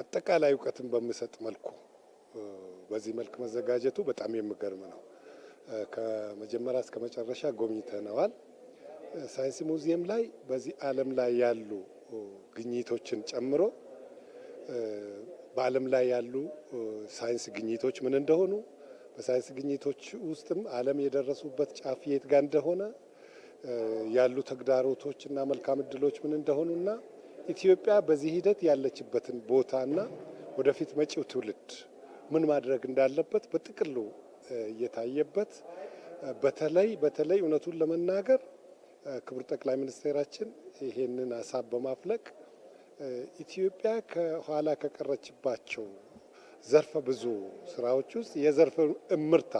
አጠቃላይ እውቀትን በሚሰጥ መልኩ በዚህ መልክ መዘጋጀቱ በጣም የሚገርም ነው። ከመጀመሪያ እስከ መጨረሻ ጎብኝተነዋል። ሳይንስ ሙዚየም ላይ በዚህ ዓለም ላይ ያሉ ግኝቶችን ጨምሮ በዓለም ላይ ያሉ ሳይንስ ግኝቶች ምን እንደሆኑ፣ በሳይንስ ግኝቶች ውስጥም ዓለም የደረሱበት ጫፍ የት ጋር እንደሆነ ያሉ ተግዳሮቶች እና መልካም እድሎች ምን እና ኢትዮጵያ በዚህ ሂደት ያለችበትን ቦታና ወደፊት መጪው ትውልድ ምን ማድረግ እንዳለበት በጥቅሉ እየታየበት በተለይ በተለይ እውነቱን ለመናገር ክቡር ጠቅላይ ሚኒስቴራችን ይሄንን ሀሳብ በማፍለቅ ኢትዮጵያ ከኋላ ከቀረችባቸው ዘርፈ ብዙ ስራዎች ውስጥ የዘርፈ እምርታ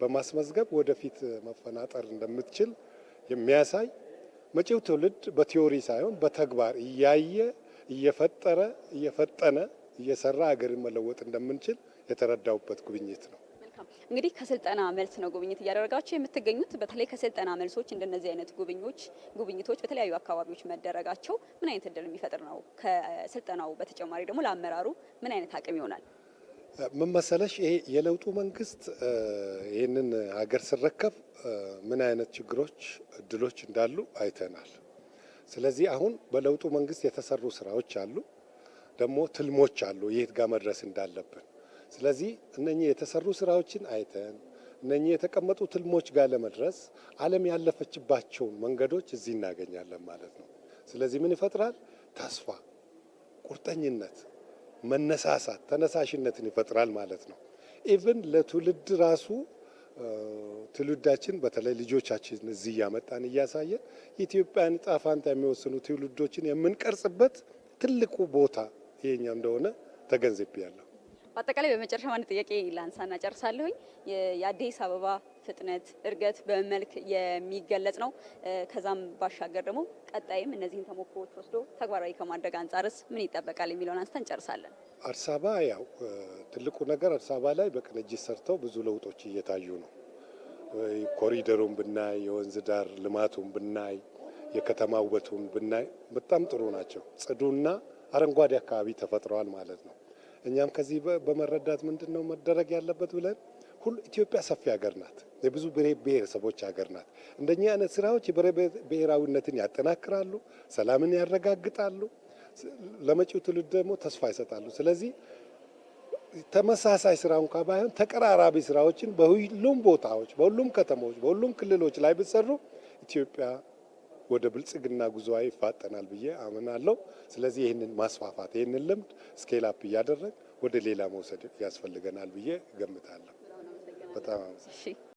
በማስመዝገብ ወደፊት መፈናጠር እንደምትችል የሚያሳይ መጪው ትውልድ በቲዮሪ ሳይሆን በተግባር እያየ እየፈጠረ እየፈጠነ እየሰራ ሀገርን መለወጥ እንደምንችል የተረዳውበት ጉብኝት ነው። እንግዲህ ከስልጠና መልስ ነው ጉብኝት እያደረጋቸው የምትገኙት። በተለይ ከስልጠና መልሶች እንደነዚህ አይነት ጉብኞች ጉብኝቶች በተለያዩ አካባቢዎች መደረጋቸው ምን አይነት እድል የሚፈጥር ነው? ከስልጠናው በተጨማሪ ደግሞ ለአመራሩ ምን አይነት አቅም ይሆናል? ምን መሰለሽ፣ ይሄ የለውጡ መንግስት ይህንን ሀገር ስረከብ ምን አይነት ችግሮች፣ እድሎች እንዳሉ አይተናል። ስለዚህ አሁን በለውጡ መንግስት የተሰሩ ስራዎች አሉ፣ ደግሞ ትልሞች አሉ፣ የት ጋር መድረስ እንዳለብን። ስለዚህ እነኚህ የተሰሩ ስራዎችን አይተን እነኚህ የተቀመጡ ትልሞች ጋር ለመድረስ ዓለም ያለፈችባቸውን መንገዶች እዚህ እናገኛለን ማለት ነው። ስለዚህ ምን ይፈጥራል? ተስፋ፣ ቁርጠኝነት መነሳሳት ተነሳሽነትን ይፈጥራል ማለት ነው። ኢቭን ለትውልድ ራሱ ትውልዳችን በተለይ ልጆቻችን እዚህ እያመጣን እያሳየን የኢትዮጵያን ዕጣ ፈንታ የሚወስኑ ትውልዶችን የምንቀርጽበት ትልቁ ቦታ ይሄኛ እንደሆነ ተገንዝቤያለሁ። በአጠቃላይ በመጨረሻ አንድ ጥያቄ ላንሳና ጨርሳለሁኝ። የአዲስ አበባ ፍጥነት እድገት በመልክ የሚገለጽ ነው። ከዛም ባሻገር ደግሞ ቀጣይም እነዚህን ተሞክሮዎች ወስዶ ተግባራዊ ከማድረግ አንጻርስ ምን ይጠበቃል የሚለውን አንስተ እንጨርሳለን። አዲስ አበባ ያው ትልቁ ነገር አዲስ አበባ ላይ በቅንጅት ሰርተው ብዙ ለውጦች እየታዩ ነው። ኮሪደሩን ብናይ፣ የወንዝ ዳር ልማቱን ብናይ፣ የከተማ ውበቱን ብናይ በጣም ጥሩ ናቸው። ጽዱና አረንጓዴ አካባቢ ተፈጥረዋል ማለት ነው። እኛም ከዚህ በመረዳት ምንድን ነው መደረግ ያለበት ብለን ሁሉ ኢትዮጵያ ሰፊ ሀገር ናት። የብዙ ብሬ ብሔረሰቦች ሀገር ናት። እንደኛ አይነት ስራዎች የብሬ ብሔራዊነትን ያጠናክራሉ፣ ሰላምን ያረጋግጣሉ፣ ለመጪው ትውልድ ደግሞ ተስፋ ይሰጣሉ። ስለዚህ ተመሳሳይ ስራ እንኳ ባይሆን ተቀራራቢ ስራዎችን በሁሉም ቦታዎች፣ በሁሉም ከተሞች፣ በሁሉም ክልሎች ላይ ብትሰሩ ኢትዮጵያ ወደ ብልጽግና ጉዞዋ ይፋጠናል ብዬ አምናለሁ። ስለዚህ ይህንን ማስፋፋት ይህንን ልምድ ስኬል አፕ እያደረግ ወደ ሌላ መውሰድ ያስፈልገናል ብዬ እገምታለሁ። በጣም